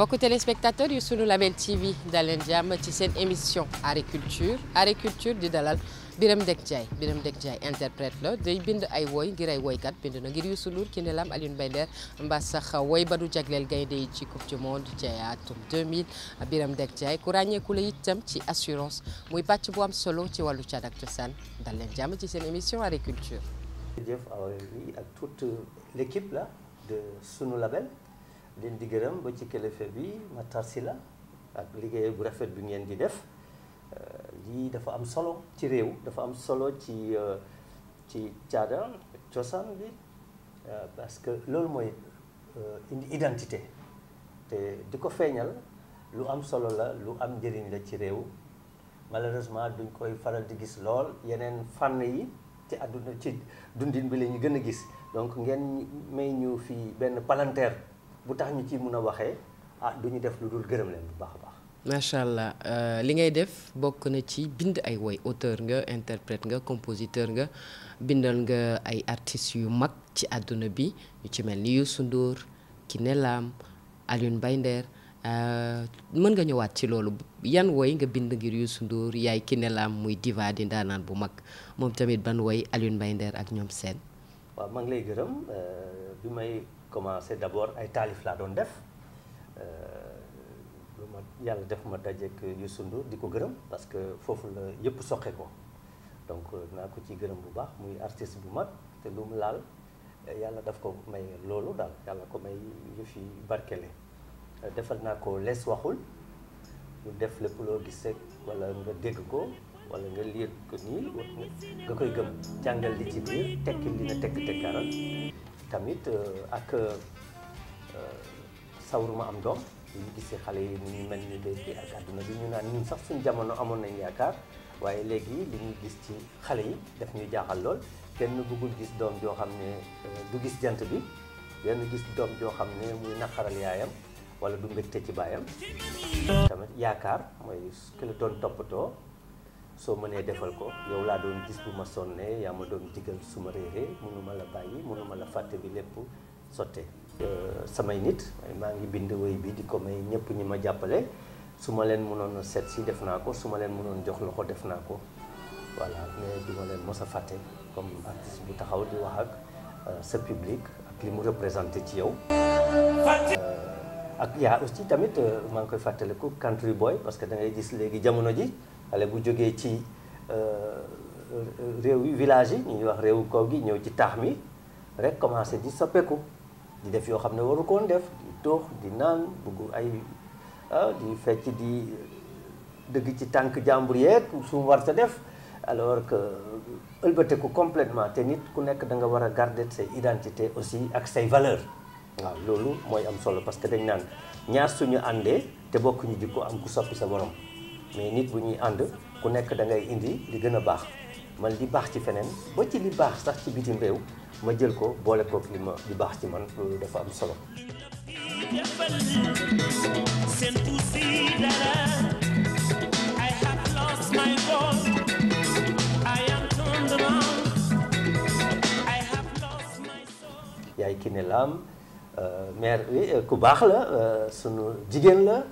mbokku téléspectateurs yu sunu Label TV daleen jàmm ci seen émission agriculture agriculture di dalal Birame Ndek Ndiaye Birame Ndek Ndiaye interprète la day bind ay woy ngir ay woykat bind na ngir Youssou Ndour Kiné Lam Alioune Mbaye Nder mbaa sax woy ba du jagleel gaynde yi ci coupe du monde ci atum 2000 Birame Ndek Ndiaye ku ràññeeku la itam ci assurance muy pàcc bu am solo ci wàllu caada ak cosaan daleen jàmm ci seen émission agriculture. jërëjëf ak l'équipe là de sunu Label. leen di gërëm ba ci kilifa bi Matar la ak liggéey bu rafet bi ngeen di def euh, lii dafa am solo ci réew dafa am solo ci euh, ci caada cosaan bi euh, parce que loolu mooy indi identité te di ko feeñal lu am solo la lu am njëriñ la ci réew malheureusement duñ koy faral di gis lool yeneen fànn yi ci àdduna ci dundin bi la ñu gën a gis donc ngeen may ñu fii benn palanteer bu tax ñu ci mun a waxee ah du ñu def lu dul gërëm leen bu baax baax. macha allah euh, li ngay def bokk na ci bind ay woy auteur nga interprète nga compositeur nga bindal nga ay artistes yu mag ci àdduna bi ñu ci mel ni Youssou Ndour Kiné Lam Alioune Mbaye Nder euh, mën nga ñëwaat ci loolu yan woy nga bind ngir Youssou Ndour yaay ki nelaam muy diva di ndaanaan bu mag moom tamit ban woy Alioune Mbaye ak ñoom seen. waaw maa lay gërëm euh, bi may. commencé d'abord ay taalif laa doon def euh, lu ma yàlla def ma dajeek Youssou Ndour di ko gërëm parce que foofu la yëpp soqe ko donc euh, naa ko ci gërëm bu baax muy artiste bu mag te lu mu laal yàlla daf ko may loolu daal yàlla ko may yëf fi barkele defal naa ko lees waxul ñu def lépp loo gis rek wala nga dégg ko wala nga liir ko nii nga koy gëm jàngal li ci biir tekki li na tekk tekkaaral tamit euh, ak euh, sawruma am doom ñu gis si xale yi ñu mel ni léegi ak àdduna bi ñu naan ñun sax suñ jamono amoon nañ yaakaar waaye léegi li ñuy gis ci xale yi daf ñuy jaaxal lool kenn bëggul gis doom joo xam ne euh, du gis jant bi benn gis doom joo xam ne muy naqaral yaayam wala du mbégte ci baayam tamit yaakaar mooy ki doon toppatoo soo mënee defal ko yow laa doon gis bu ma sonnee yaa ma doon digal su ma réeree mënuma la bàyyi mënuma la fàtte bi lépp sottee. Euh, samay nit maa ngi bind woy bi di ko may ñëpp ñi ma jàppale suma leen mënoon seet si def naa ko su ma leen mënoon jox loxo def naa ko voilà mais du leen mos a fàtte comme artiste bu taxaw di wax ak euh, sa public ak li mu représenté ci yow. Euh, ak yaa aussi tamit maa ngi koy fàttale fàttaliku country boy parce que da ngay gis léegi jamono ji. xale bu jógee ci euh, réew yi village yi ñuy wax réewu kaw gi ñëw ci taax mi rek commencé di soppeeku di def yoo xam ne waru koon def di toox di naan bugg ay ah, di fecc di dëgg ci tànk jàmbur yeeg su mu war sa def alors que ëlbateku complètement te nit ku nekk da nga war a garder say identité aussi ak say valeur waaw loolu mooy am solo parce que dañ naan ñaar suñu àndee te bokkuñu di ko am ku soppi sa borom mais nit bu ñuy ànd ku nekk da ngay indi li gën a baax man li baax ci feneen ba ci li baax sax ci bitim réew ma jël ko boole kook li ma li baax ci man loolu dafa am solo. yaay Kiné Lam euh, maire bi euh, ku baax la euh, sunu jigéen la.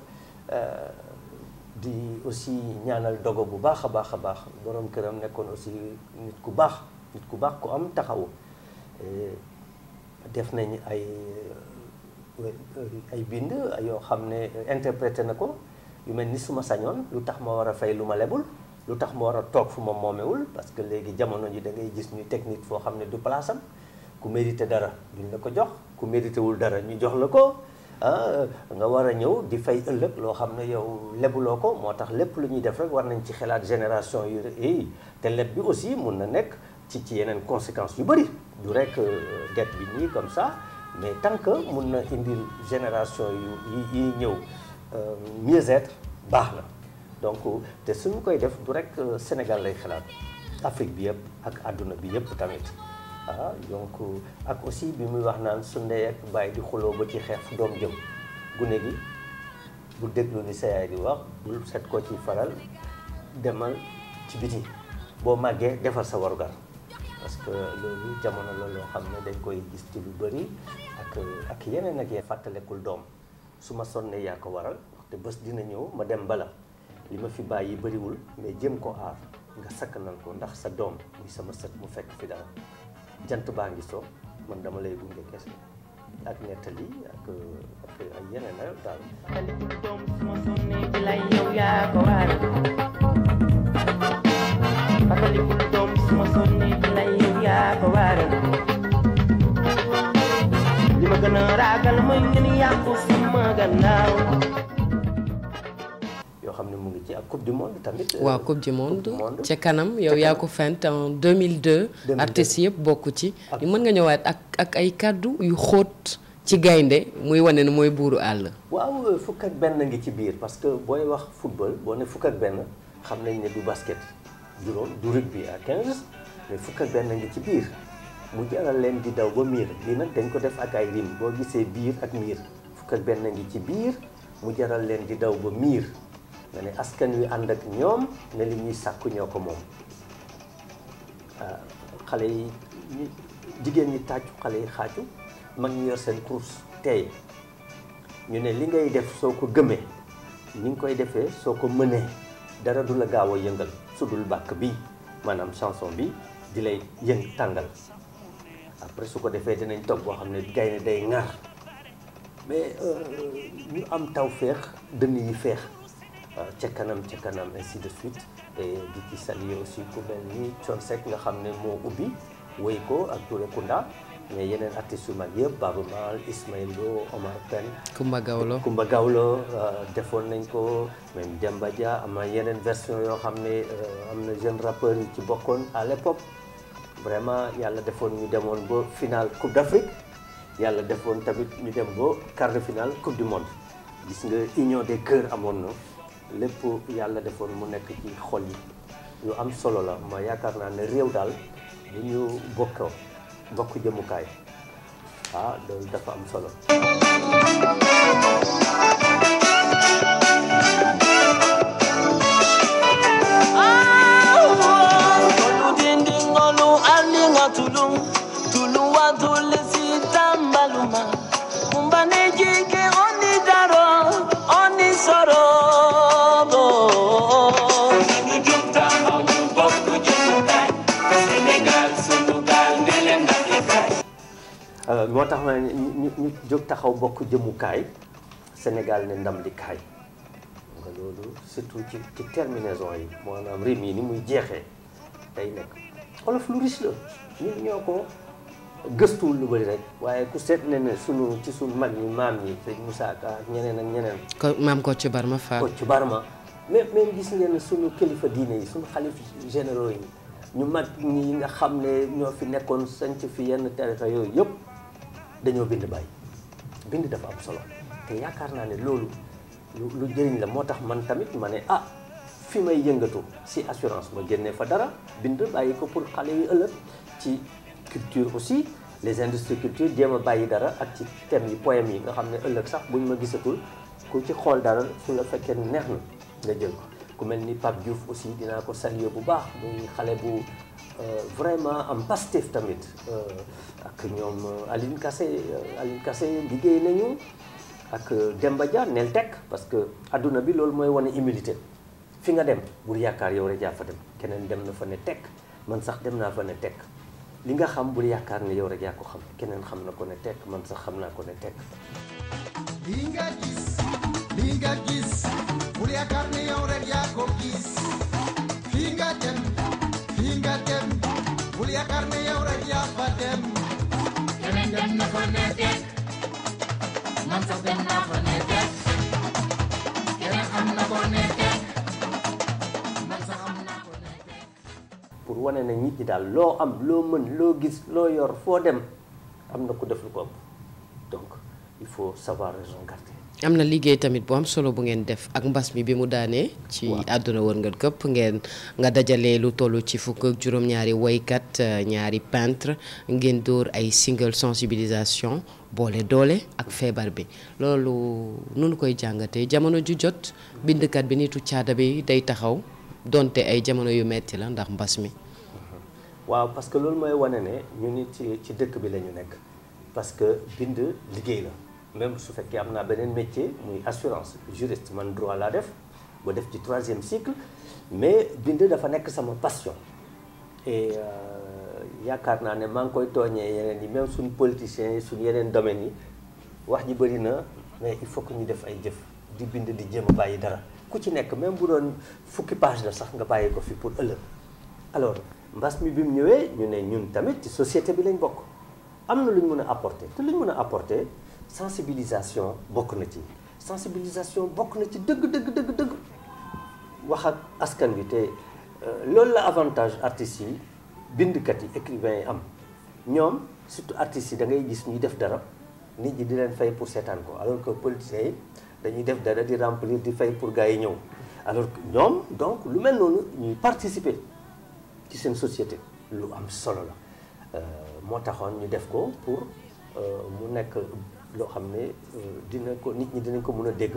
di aussi ñaanal dogo bu baax a baax a baax borom këram nekkoon aussi nit ku baax nit ku baax ku am taxawu eh, def nañ ay ay bind yoo xam ne interprété na ko yu mel ni suma sañoon lu tax ma war a fay lu ma lebul lu tax ma war a toog fu ma moomewul parce que léegi jamono ji da ngay gis ñuy technique foo xam ne du palaasam ku mérité dara duñ la ko jox ku mérité wul dara ñu jox la ko ah nga war a ñëw di fay ëllëg loo xam ne yow lebuloo ko moo tax lépp lu ñuy def rek war nañ ci xalaat génération yu yi te leb bi aussi mun na nekk ci ci yeneen conséquences yu bëri du rek euh, dette bi nii comme ça mais tant que mun na indi génération yu yi ñëw euh, mieux-être baax na donc te suñu koy def du rek euh, Sénégal lay xalaat Afrique bi yëpp ak àdduna bi yëpp tamit ah donc euh, ak aussi bi muy wax naan su ndey ak bàyyi di xuloo ba ci xeex fu doom jëm gune gi bu déglu li sa yaay di wax bul set ko ci faral demal ci biti boo màggee defal sa warugar parce que loolu jamono la loo xam ne dañ koy gis ci lu bëri ak euh, ak yeneen ak yeneen fàttalekul doom su ma sonnee yaa ko waral te bés dina ñëw ma dem bala li ma fi bàyyi bëriwul mais jëm ko aar nga sakk sakkanal ko ndax sa doom muy sama set mu fekk fi dara jant baa ngi soo man dama lay gunge kese ak nettali ak ak ay yeneen na daal fàttalikul doom suma sonni bi lay yow yaa ko waaral li ma gën a ragal mooy ngeen yàqu sama gannaaw xam ne mu ngi ci ak coupe du monde tamit. waaw euh, coupe du monde ca kanam yow yaa ko fent en 2002. 2002 artistes yëpp bokk ci. mën nga ñëwaat ak ak ay kàddu yu xóot. ci gaynde muy wane ne mooy buuru àll. waaw euh, fukk ak benn ngi ci biir parce que booy wax football boo ne fukk ak benn xam nañ ne du basket juróom du rugby fukk ak benn ngi ci biir mu jaral leen di daw ba miir lii nag dañ ko def ak ay rim boo gisee biir ak miir fukk ak benn ngi ci biir mu jaral leen di daw ba miir. nga ne askan wi ànd ak ñoom ne li ñuy sàkku ñoo ko moom ah, xale yi jigéen ñi tàccu xale yi xaaju mag ñu yor seen course tey ñu ne li ngay def soo ko gëmee ni nga koy defee soo ko mënee dara du la gaaw a yëngal sudul bàkk bi maanaam chanson bi di lay yëng tàngal après su ko defee dinañ toog boo xam ne gaynde day ŋaar mais euh, ñu am taw feex dënn yi feex Euh, ca kanam ca kanam ainsi de suite et di ci saluer aussi ku mel ni Thione nga xam ne moo ubbi wéy ko ak Touré Kunda mais yeneen artistes yu mag yëpp Baaba Maal Ismaël Lo Omar Pène Kumba Gawlo Kumba Gawlo euh, defoon nañ ko même Demba Dia am na yeneen version yoo xam ne euh, am na jeune rappeur yi ci bokkoon à l'époque vraiment yàlla defoon ñu demoon ba finale Coupe d'Afrique yàlla defoon tamit ñu dem ba quart de finale Coupe du monde gis nga union des cœurs amoon na lépp yàlla defoon mu nekk ci xol yi yu am solo la ma yaakaar naa ne réew daal bu ñu bokk bokk jëmukaay ah loolu dafa am solo moo tax ma ne ñu ñu jóg taxaw bokk jëmukaay Sénégal ne ndam li kaay nga loolu surtout ci ci terminaison yi maanaam rim yi ni muy jeexee tey nekk wolof lu riche la ñun ñoo ko gëstuwul lu bëri rek waaye ku seet ne ne suñu ci sunu mag ñi maam ñi sëñ Moussa Ka ñeneen ak ñeneen. ko ci Kocc Barma Fall. ci Barma mais même gis ne suñu kilifa diine yi sunu xalif généraux yi ñu mag ñi nga xam ne ñoo fi nekkoon sanc fi yenn tarixa yooyu yëpp. dañoo bind bàyyi bind dafa am solo te yaakaar naa ne loolu lu jëriñ la moo tax man tamit ma ne ah fi may yëngatu si assurance ma génnee fa dara bind bàyyi ko pour xale yu ëllëg ci culture aussi les industries culture jéem bàyyi dara ak ci thèmes yi poèmes yi nga xam ne ëllëg sax buñ ma gisatul ku ci xool dara su la fekkee neex na nga jël ku mel ni Pape Diouf aussi dinaa ko saluer bu baax muy xale bu Euh, vraiment am Pastef tamit euh, ak ñoom euh, Aline kase Aline kase liggéey nañu ak ba Dia nel tekk parce que adduna bi loolu mooy wane humilité fi nga dem bur yaakaar yow rek yaa fa dem keneen dem na fa ne tekk man sax dem naa fa ne tek li nga xam bul yaakaar ni yow rek yaa ko xam keneen xam na ko ne tekk man sax xam naa ko ne tekk. li nga gis li nga gis bul yaakaar ne yow rek yaa ko gis fi nga dem. bul yaakaar ne yow rek yaa fa dem. keneen dem na fa ne teg man sax keneen am na ko pour wane na nit ñi daal loo am loo mën loo gis loo yor foo dem am na ku def lu donc il faut savoir raison garder. am na liggéey tamit bu am solo bu ngeen def ak mbas mi bi mu daanee ci àdduna wërngal këpp ngeen nga dajalee lu toll ci fukk ak juróom-ñaari woykat euh, ñaari pentre ngeen dóor ay single sensibilisation boole doole ak feebar bi loolu nunu koy jàngatee jamono ju jot bindkat bi nitu caada bi day taxaw donte ay jamono yu metti la ndax mbas mi waaw parce que loolu mooy wane ne ñu nit ci dëkk bi lañu nekk parce que bind liggéey la même su fekkee am naa beneen métier muy assurance juriste man droit laa def ba def ci troisième cycle mais bind dafa nekk sama passion et euh, yaakaar naa ne maa ngi koy tooñee yeneen yi même suñu politiciens yi suñu yeneen domaines yi wax ji bëri na mais il faut que ñu def ay jëf di bind di jéem bàyyi dara ku ci nekk même bu doon fukki page la sax nga bàyyi ko fi pour ëllëg alors mbas mi bi mu ñëwee ñu ne ñun tamit ci société bi lañ bokk am na lu mun a apporter te lu ñu mën sensibilisation bokk na ci sensibilisation bokk na ci dëgg dëgg dëgg dëgg wax ak askan wi te euh, loolu la avantage artistes yi bindkat yi écrivain yi am ñoom surtout artistes yi da ngay gis ñuy def dara nit ñi di leen fay pour seetaan ko alors que politiciens yi dañuy def dara di remplir di fay pour gars yi ñëw alors que ñoom donc lu mel noonu ñuy participer ci seen société lu am solo la euh, moo taxoon ñu def ko pour euh, mu nekk loo xam ne euh, dina ko nit ñi dinañ ko mën a dégg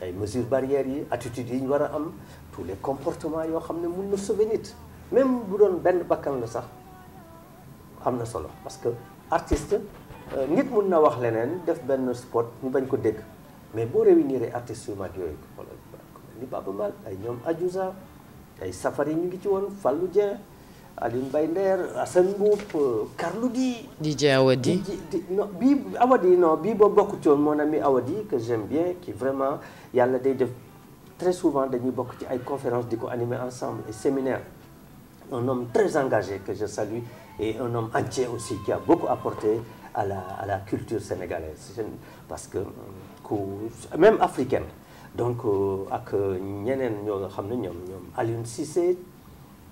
ay mesures barrières yi attitudes yi ñu war a am tous les comportements yoo xam ne mun na sauver nit même bu benn bakkan la sax am na solo parce que artiste euh, nit mun na wax leneen def benn spot ñu bañ ko dégg mais boo réunir artistes yu mag yooyu wala ni Baaba Maal ay ñoom Adiouza ay Safari ñu ngi ci woon Fallou Dieng Aline Mbaye Nder Assane Mboup eh, Carlou D. DJ Awadi di non bii Awadi non bii ba bokk ci woon mon ami Awadi que j'aime bien qui vraiment yàlla day def très souvent dañuy bokk ci ay conférences di ko animer ensemble et séminaire un homme très engagé que je salue et un homme entier aussi qui a beaucoup apporté à la à la culture sénégalaise parce que ku même africaine donc euh, ak ñeneen ñoo nga xam ne ñoom ñoom Alioune Cissé.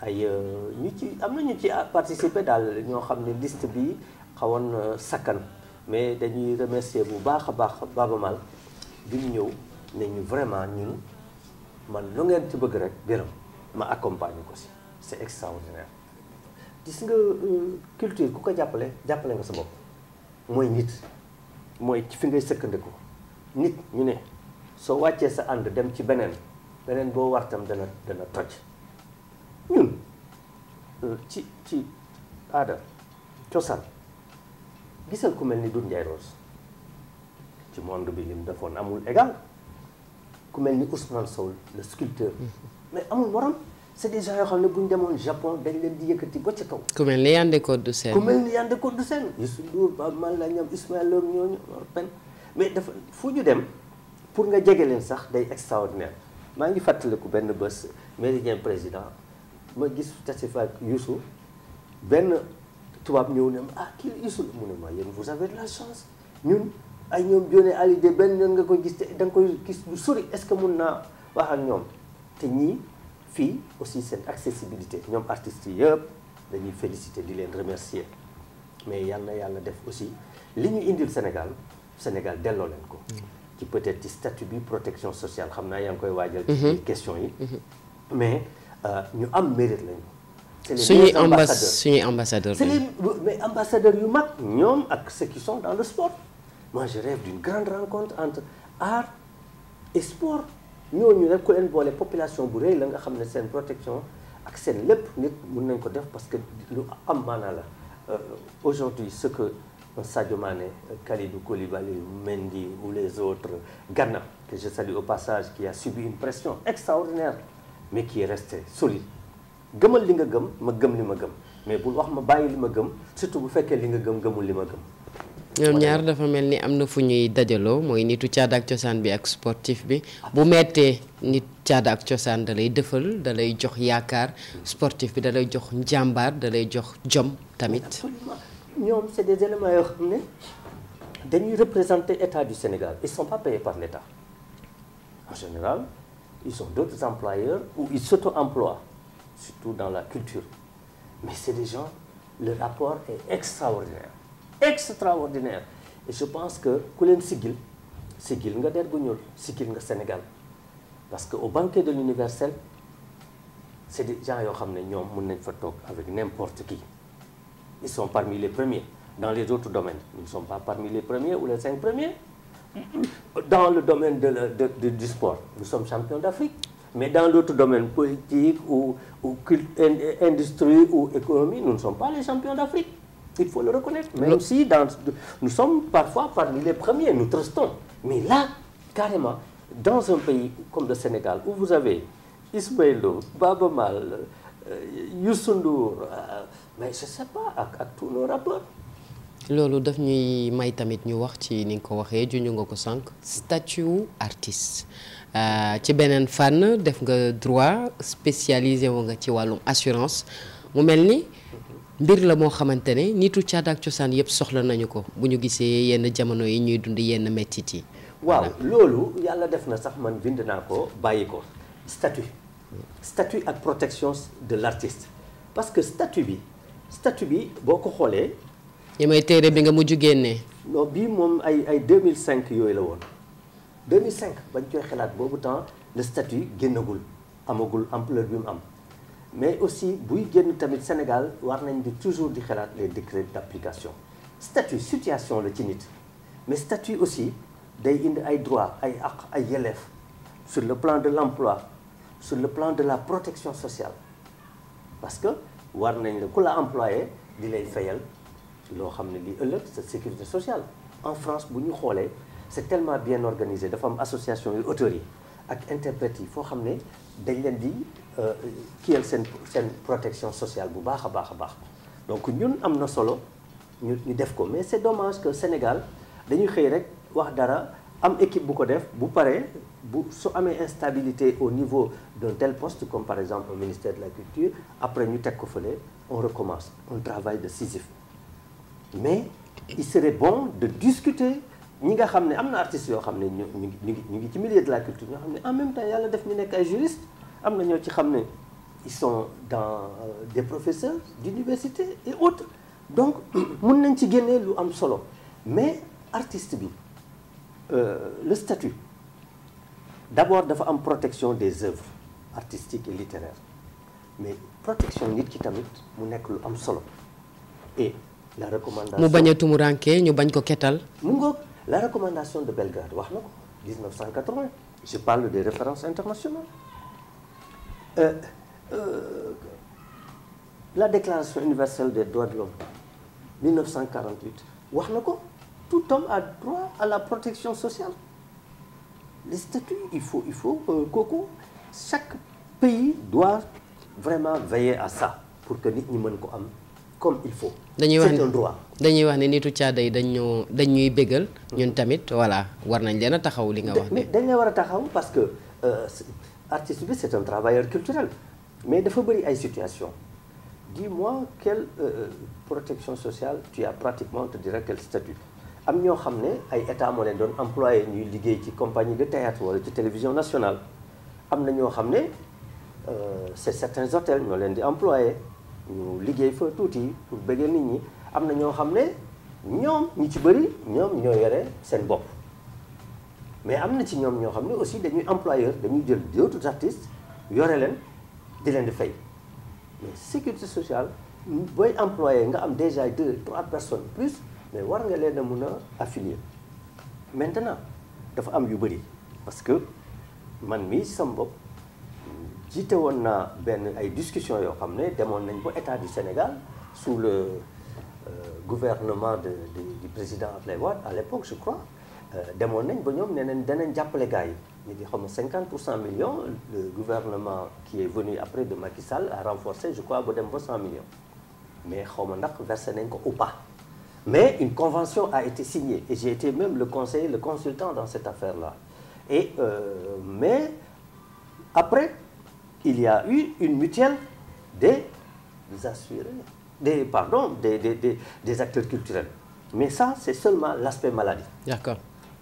ay euh, ñu ci am na ñu ci participer daal ñoo xam ne liste bi xawoon euh, sakkan mais dañuy remercier bu baax a baax Baba Mal bi ñëw ne ñu vraiment ñun man lu ngeen ci bëgg rek biram ma accompagner ko si c'est extraordinaire gis nga euh, culture ku ko jàppale jàppale nga sa bopp mooy nit mooy ci fi ngay sëkkandiku nit ñu ne soo wàccee sa ànd dem ci beneen beneen boo war tam dana dana toj ñun ci ci aada cosaan gisal ku mel ni Doudou Ndiaye Rose ci monde bi lim defoon amul égal ku mel ni Ousmane Sow le sculpteur mais amul morom c'est des yoo xam ne bu demoon Japon dañ leen di yëkkati ba ci kaw. ku mel ni Yandé Codou Sène. ku mel ni Yandé Codou Sène. Youssou Ndour Baaba Maal la ñoom Ismaël Lô ñooñu pen mais dafa fu ñu dem pour nga jege leen sax day extraordinaire maa ngi ku benn bës Méridien président. ma gis tase fa ak Youssou benn tubaab ñëw ne ah kii Youssou la mu ne ma yéen vous avez de la chance ñun ay ñoom Dione Ali benn yoon nga koy gis te da nga koy gis lu sori est-ce que mun naa wax ak ñoom te ñi fii aussi seen accessibilité ñoom artistes yi yëpp dañuy féliciter di leen remercier mais yal na yàlla def aussi li ñu indil Sénégal Sénégal delloo leen ko mm. ci peut-être ci statut bi protection sociale xam naa yaa ngi koy waajal mm-hmm. ci question yi mm-hmm. Euh, ñu am mérite lañu. suñuy ambassadeurs suñuy ambassadeurs mais ambassadeurs yu mag ñoom ak ceux qui sont dans le sport moi je rêve d'une grande rencontre entre art et sport ñooñu rek ku leen boole population bu rëy la nga xam ne seen protection ak sen lépp nit mun nañ ko def parce que lu am maanaa la euh, aujourd'hui ce que Sadio Mané Kalidou Koulibaly Mendy ou les autres Ghana que je salue au passage qui a subi une pression extraordinaire mais qui est resté solide gëm li ma gëm mais bul wax ma bàyyi ma gëm surtout bu fekkee li nga gëm gëmul li ma gëm. ñaar dafa mel ni am na fu ñuy dajaloo mooy nitu caada ak cosaan bi ak sportif bi bu mettee nit caada ak cosaan da lay dëfal da jox yaakaar hmm. sportif bi da lay jox njàmbaar da lay jox jom tamit. absolument ñoom c'est des éléments yoo xam ne dañuy représenter état du Sénégal ils sont ils ont d'autres employeurs ou ils sauto emploi surtout dans la culture. Mais c'est des gens, le rapport est extraordinaire. Extraordinaire. Et je pense que Koulen Sigil, Sigil nga Dergounioul, Sigil nga Sénégal. Parce qu'au banquet de l'universel, c'est des gens qui ont avec n'importe qui. Ils sont parmi les premiers. Dans les autres domaines, ils ne sont pas parmi les premiers ou les cinq premiers. Dans le domaine de la, de, de, du sport, nous sommes champions d'Afrique. Mais dans l'autre domaine, politique ou, ou industrie ou économie, nous ne sommes pas les champions d'Afrique. Il faut le reconnaître. Même si nous sommes parfois parmi les premiers, nous trustons. Mais là, carrément, dans un pays comme le Sénégal, où vous avez Ismaël Babamal, euh, Youssou euh, mais je ne sais pas, à, à tous nos rapports, loolu daf ñuy may tamit ñu wax ci ni nga ko waxee juñu nga ko sànq statut artiste euh, ci beneen fànn def nga droit spécialisé wu nga ci wàllum assurance mu mel ni mbir la moo xamante ne nitu caada ak cosaan yëpp soxla nañu ko bu ñu gisee yenn jamono yi ñuy dund yenn mettit yi waaw loolu yàlla def na sax man bind naa ko bàyyi ko statut statut ak protection de l'artiste parce que statut bi statut bi boo ko xoolee yi may téere bi nga mujj génnee. non bii moom ay ay 2005 yooyu la woon 2005 bañ koy xalaat boobu temps le statut génnagul amagul ampleur bi mu am mais aussi buy génn tamit Sénégal war nañ di toujours di xalaat les décrets d'application statut situation la ci nit mais statut aussi day indi ay droits ay aq ay yelleef sur le plan de l'emploi sur le plan de la protection sociale parce que war nañ la ku la employé di lay fayal loo xam ne lii ëllëg sa sécurité sociale en France bu ñu xoolee c'est tellement bien organisé dafa am association yu auteurs ak interprètes yi foo xam ne dañ leen di euh, kiyal seen seen protection sociale bu baax a baax a baax donc ñun am na solo ñu ñu def ko mais c'est dommage que Sénégal dañuy xëy rek wax dara am équipe bu ko def bu paree bu su amee instabilité au niveau d'un tel poste comme par exemple au ministère de la culture après ñu teg ko fële on recommence un travail de Sisyphe mais il serait bon de discuter ñi nga xam ne am na artistes yoo xam ne ñu ñu ngi ñu ngi ci milieu de la culture ñoo xam ne en même temps yàlla def ñu nekk ay juristes am na ñoo ci xam ne ils sont dans euh, des professeurs d'université et autres donc mun nañ ci génnee lu am solo mais artiste bi euh, le statut d'abord dafa am protection des œuvres artistiques et littéraires mais protection nit ki tamit mu nekk lu am solo la recommandation mu bañ a tumuraanke ñu bañ ko kettal. mu ngoog la recommandation de Belgrade wax na ko 1980 je parle des références internationales euh, euh, la déclaration universelle des droits de l'homme 1948 wax na ko tout homme a droit à la protection sociale les statuts il faut il faut euh, kooku chaque pays doit vraiment veiller à sa pour que nit ñi mën ko am. comme il faut. dañuy wax c'est un droit. dañuy wax ne nitu caada yi dañ ñoo dañ ñuy bégal. ñun mm-hmm. tamit voilà war nañ leen a taxaw li nga wax. mais dañ la war a taxaw parce que euh, artiste bi c'est un travailleur culturel mais dafa bëri ay situation dis-moi quelle euh, protection sociale tu as pratiquement te dirais quel statut am ñoo xam ne ay état moo leen doon employé ñuy liggéey ci compagnie de théâtre wala ci télévision nationale am na ñoo xam ne euh, c'est certains hôtels ñoo leen di employé. ñu liggéey fa tuuti pour bëggee nit ñi am na ñoo xam ne ñoom ñu ci bëri ñoom ñoo yore seen bopp mais am na ci ñoom ñoo xam ne aussi dañuy employeur dañuy jël d'autres artistes yore leen di leen di fay mais sécurité sociale booy employé nga am déjà deux trois personnes plus mais war nga leen a mun a affilier maintenant dafa am yu bëri parce que man mii sama bopp jiite woon naa benn ay discussion yoo xam ne demoon nañ ba état du Sénégal sous le euh, gouvernement de du président Abdoulaye Wade à l'époque je crois euh, demoon nañ ba ñoom nee nañ danañ jàppale gars yi ñu di xam ne 50 pour cent millions le gouvernement qui est venu après de Macky Sall a renforcé je crois ba dem ba 100 millions mais xaw ma ndax versé nañ ko ou pas mais une convention a été signée et j'ai été même le conseil le consultant dans cette affaire là et euh, mais après il y a eu une mutuelle des assurés, des, des, des, des, des acteurs culturels. Mais ça, c'est seulement l'aspect maladie. D'accord.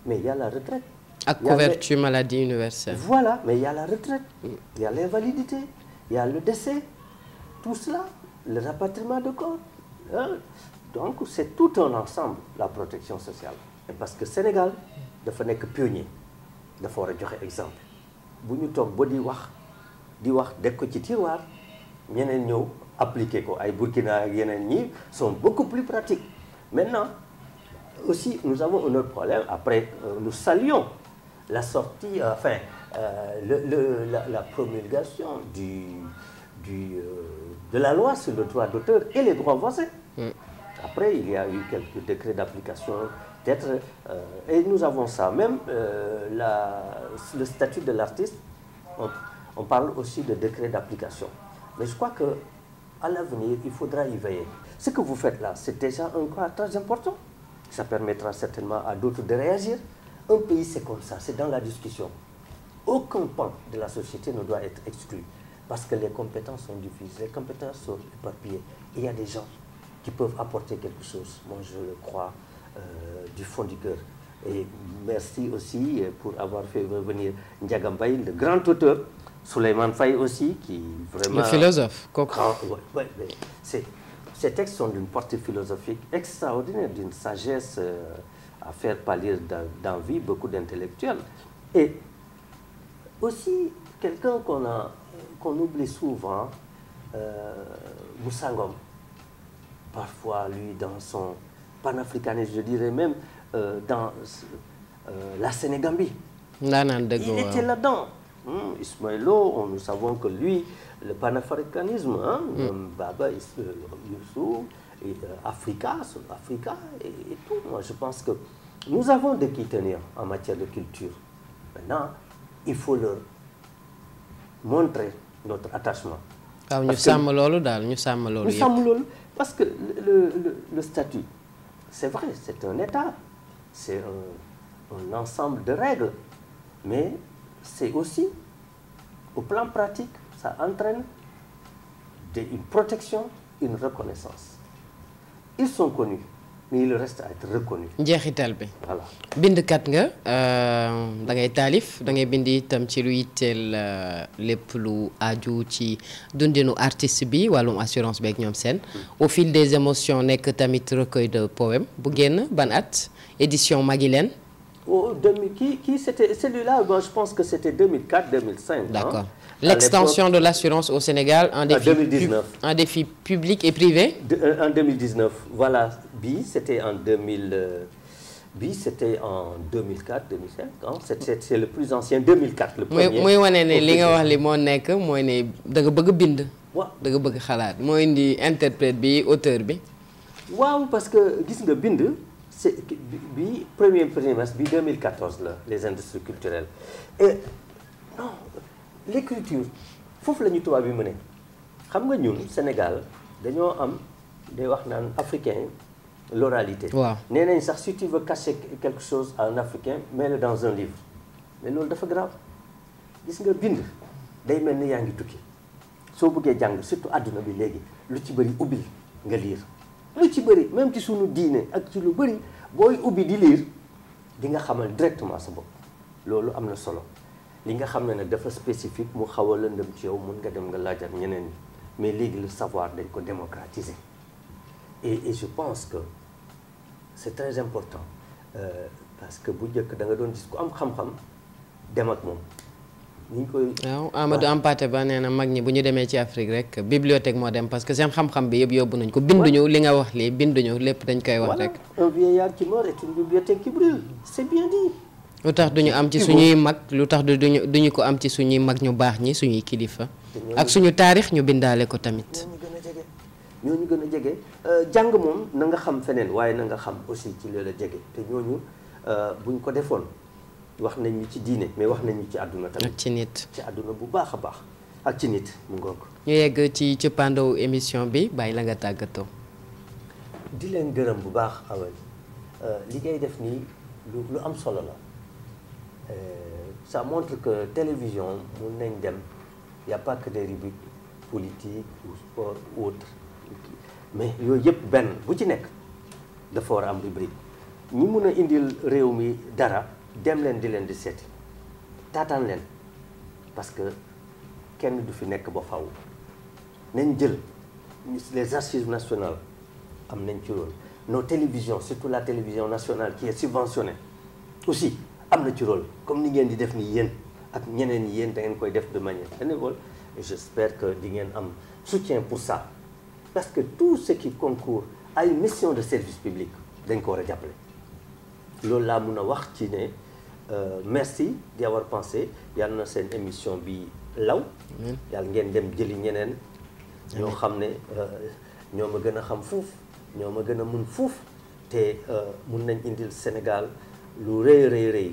Mais il y a la retraite. À couverture les... maladie universelle. Voilà, mais il y a la retraite, mm. il y a l'invalidité, il y a le décès, tout cela, le rapatriement de corps. Donc, c'est tout un ensemble, la protection sociale. Et parce que Sénégal, dafa nekk pionnier dafa war a joxe exemple bu ñu toog ba di wax. di wax def ko ci tiroir ñeneen ñëw appliquer ko ay Burkina ak yeneen ñi sont beaucoup plus pratiques maintenant aussi nous avons un autre problème après euh, nous saluons la sortie euh, enfin euh, le, le la, la promulgation du du euh, de la loi sur le droit d'auteur et les droits voisins mm. après il y a eu quelques décrets d'application peut-être euh, et nous avons ça même la le statut de l'artiste On parle aussi de décret d'application. Mais je crois que à l'avenir, il faudra y veiller. Ce que vous faites là, c'est déjà un cas très important. Ça permettra certainement à d'autres de réagir. Un pays, c'est comme ça, c'est dans la discussion. Aucun pan de la société ne doit être exclu parce que les compétences sont diffusées, les compétences sont éparpillées. Il y a des gens qui peuvent apporter quelque chose, moi je le crois, euh, du fond du cœur. Et merci aussi pour avoir fait venir Ndiagambaï, le grand auteur, Souleymane Faye aussi, qui vraiment... Le philosophe, Cochrane. Ouais, ouais, ouais. Ces textes sont d'une portée philosophique extraordinaire, d'une sagesse euh, à faire pâlir d'envie beaucoup d'intellectuels. Et aussi, quelqu'un qu'on qu oublie souvent, euh, Moussangom, parfois lui, dans son panafricanisme, je dirais même, euh, dans euh, la Sénégambie. Là, il était là-dedans. Hein, Ismailo, nous savons que lui, le panafricanisme, mm. Baba euh, Youssou, et, euh, et, tout. je pense que nous avons de qui tenir en matière de culture. Maintenant, il faut leur montrer notre attachement. waaw ah, ñu parce que le, statut c'est vrai c'est un état c'est un ensemble de règles mais c'est aussi, au plan pratique, ça entraîne des, une protection, une reconnaissance. Ils sont connus, mais il reste à être reconnu. njeexital bi. voilà bindkat nga euh, da ngay taalif da ngay bind itam ci lu yitteel euh, lépp lu aju ci dundinu artiste bi wàllum assurance beeg ñoom seen. Mm. au fil des émotions nekk tamit recueil de poème bu génn ban at édition leen au 2000 qui qui c'était celui-là bon, je pense que c'était 2004 2005 D'accord. L'extension de l'assurance au Sénégal un en 2019 pub, un défi public et privé de, en euh, 2019 voilà bi c'était en euh, bi c'était en 2004 2005 ah c'est le plus ancien 2004 le premier muy muy wane ne li nga wax li moo nekk mooy ne danga bëgg bind waaw da bëgg xalaat moo indi interprète bi auteur bi waaw parce que gis nga bind bi premier trimestre bi 2014 la les industries culturelles et non l'écriture foofu la ñu tubaab bi mëne xam nga ñun Sénégal dañoo am day wax naan africain l'oralité waaw nee nañ sax si tu veux cacher quelque chose à un africain mets-le dans un livre mais loolu dafa grave gis nga bind day mel ni yaa ngi tukki soo bëggee jàng surtout àdduna bi léegi lu ci bëri ubbil nga lire lu ci bëri même ci suñu diine ak ci lu bëri booy ubbi di liir di nga xamal directement sa bopp loolu am na solo li nga xam ne nag dafa spécifique mu xaw a lëndëm ci yow mun nga dem nga laajal ñeneen ñi mais léegi le savoir dañ ko démocratiser et je pense que c'est très important euh, parce que bu njëkk da nga doon dis ku am xam-xam dem ak moom ñu ngi koy. waaw Amadou Ampaté Ba nee na mag ñi bu ñu demee ci Afrique rek bibliothèque moo dem parce que seen xam-xam bi yëpp yóbbu nañ ko. binduñu li nga wax lii binduñu lépp dañ koy wax rek. lu tax duñu am ci suñuy mag lu tax du duñu duñu ko am ci suñuy mag ñu baax ñi suñuy kilifa. ak suñu taarix ñu bindaale ko tamit. ñooñu a jege euh, jàng moom na nga xam feneen waaye na nga xam aussi ci loola jege te ñooñu euh, buñ ko defoon. wax nañ ñu ci diine mais wax nañu ci àdduna tamit. ak ci nit ci àdduna bu baax a baax ak ci nit mu ngoog. ñu yegg ci cëppaandawu émission bi bàyyi la nga tàggatoo. di leen gërëm bu baax awel euh, li ngay def nii lu lu am solo la euh, ça montre que télévision mun nañ dem y a pas yooyu yëpp benn bu ci nekk dafa war a am rubrique ñi mun a indil réew mi dara. dem leen di leen di seeti taataan leen parce que kenn du fi nekk ba faw nañ jël les archives nationales am nañ ci rôle nos télévisions surtout la télévision nationale qui est subventionnée aussi am na ci rôle comme li ngeen di def ni yéen ak ñeneen ñi yéen da ngeen koy def de manière bénévole et j'espère que di ngeen am soutien pour ça parce que tout ce qui concourt ay une mission de service public dañ ko war a jàppale loolu laa mun a wax ci ne euh, merci d'y avoir pensé yàlla na seen émission bi law yàlla ngeen dem jëli ñeneen ñoo xam ne euh, ñoo ma gën a xam fuuf ñoo ma gën a mun fuuf te euh, mun nañ indil Sénégal lu rëy rëy rëy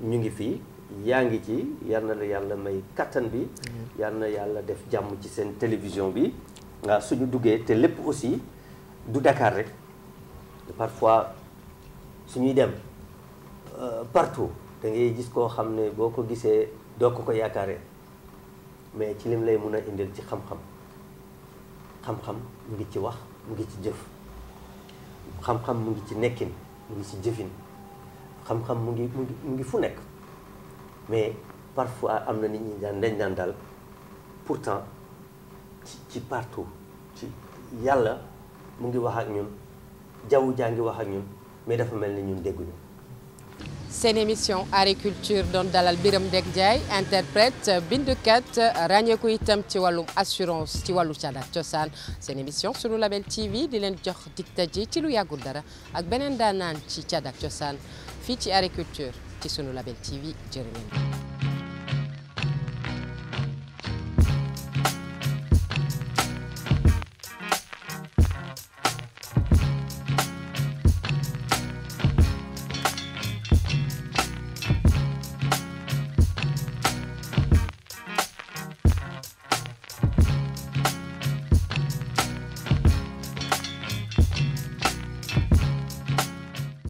ñu ngi fii yaa ngi ci yal na la yàlla may kattan bi yal na yàlla def jàmm ci seen télévision bi waa suñu duggee te lépp aussi du Dakar rek parfois suñuy dem Euh, partout da ngay gis koo xam ne boo ko gisee doo ko ko yaakaaree mais ci lim lay mun a indil ci xam-xam xam-xam mu ngi ci wax mu ngi ci jëf xam-xam mu ngi ci nekkin mu ngi ci jëfin xam mu ngi ngi fu nekk mais parfois am na nit ñi daan dañ daan daal pourtant ci ci partout ci yàlla mu ngi wax ak ñun jaww jaa ngi wax ak ñun mais dafa mel ni ñun dégguñu seen émission agriculture doon dalal Birame Ndek Ndiaye interprète bindkat ràññeeku itam ci wàllum assurance ci wàllu caada cosaan seen émission sunu label TV di leen jox dikta ji ci lu yàggul dara ak beneen daanaan ci caada cosaan fii ci agriculture ci sunu label TV jërë